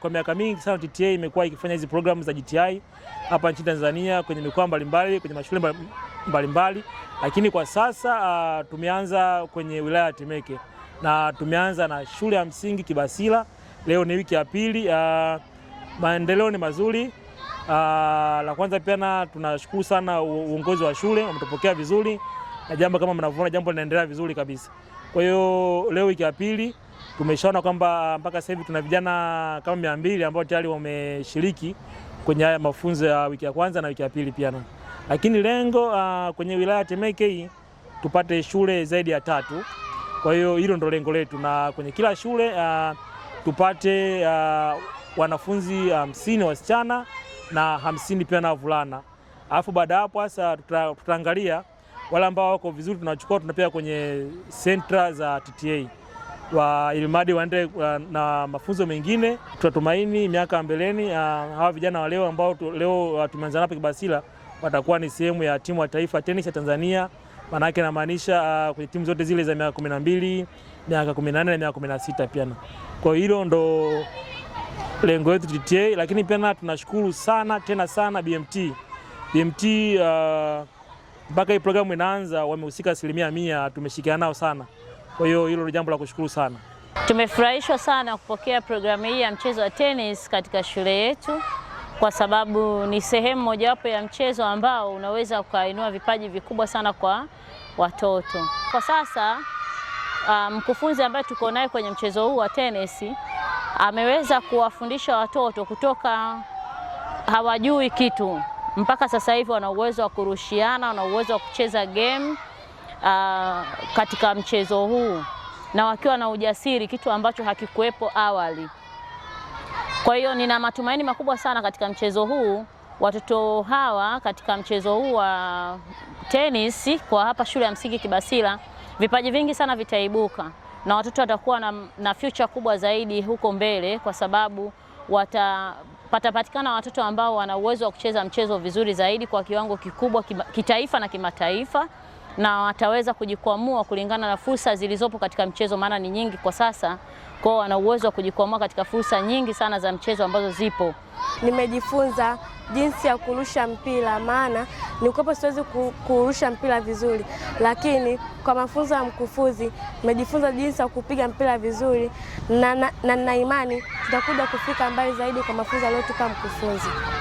Kwa miaka mingi sana TTA imekuwa ikifanya hizi programu za GTI hapa nchini Tanzania kwenye mikoa mbalimbali, kwenye mashule mbalimbali mbali. Lakini kwa sasa uh, tumeanza kwenye wilaya ya Temeke na tumeanza na shule ya msingi Kibasila. Leo ni wiki ya pili, uh, maendeleo ni mazuri. Uh, la kwanza pia na tunashukuru sana uongozi wa shule wametupokea vizuri, na jambo kama mnavyoona, jambo linaendelea vizuri kabisa. Kwa hiyo leo wiki ya pili tumeshaona kwamba mpaka sasa hivi tuna vijana kama mia mbili ambao tayari wameshiriki kwenye haya mafunzo ya wiki ya kwanza na wiki ya pili pia, lakini lengo uh, kwenye wilaya ya Temeke hii tupate shule zaidi ya tatu. Kwa hiyo hilo ndo lengo letu, na kwenye kila shule uh, tupate uh, wanafunzi hamsini um, wasichana na hamsini pia na wavulana, alafu baada hapo sasa tutaangalia wale ambao wako vizuri tunachukua tunapea kwenye sentra za TTA wa ilimadi waende na mafunzo mengine. Tunatumaini miaka mbeleni uh, hawa vijana wa leo ambao tu, leo tumeanza nao Kibasila watakuwa ni sehemu ya timu ya taifa tenis ya Tanzania. Maana yake namaanisha uh, kwenye timu zote zile za miaka 12, miaka kumi na nne na miaka kumi na pia. Kwa hiyo hilo ndo lengo letu TTA, lakini pia tunashukuru sana tena sana BMT BMT mpaka uh, hii programu inaanza wamehusika asilimia mia, tumeshirikiana nao sana kwa hiyo hilo ni jambo la kushukuru sana. Tumefurahishwa sana kupokea programu hii ya mchezo wa tennis katika shule yetu kwa sababu ni sehemu mojawapo ya mchezo ambao unaweza ukainua vipaji vikubwa sana kwa watoto. Kwa sasa ah, mkufunzi um, ambaye tuko naye kwenye mchezo huu wa tenisi ameweza kuwafundisha watoto kutoka hawajui kitu mpaka sasa hivi wana uwezo wa kurushiana, wana uwezo wa kucheza game uh, katika mchezo huu na wakiwa na ujasiri, kitu ambacho hakikuwepo awali. Kwa hiyo nina matumaini makubwa sana katika mchezo huu watoto hawa katika mchezo huu wa tenisi kwa hapa shule ya msingi Kibasila, vipaji vingi sana vitaibuka na watoto watakuwa na, na future kubwa zaidi huko mbele, kwa sababu watapatapatikana watoto ambao wana uwezo wa kucheza mchezo vizuri zaidi kwa kiwango kikubwa kima, kitaifa na kimataifa na wataweza kujikwamua kulingana na fursa zilizopo katika mchezo, maana ni nyingi kwa sasa. Kwao wana uwezo wa kujikwamua katika fursa nyingi sana za mchezo ambazo zipo. Nimejifunza jinsi ya kurusha mpira, maana nilikuwa siwezi kurusha mpira vizuri, lakini kwa mafunzo ya mkufuzi nimejifunza jinsi ya kupiga mpira vizuri, na na imani tutakuja kufika mbali zaidi kwa mafunzo aliyotupa mkufuzi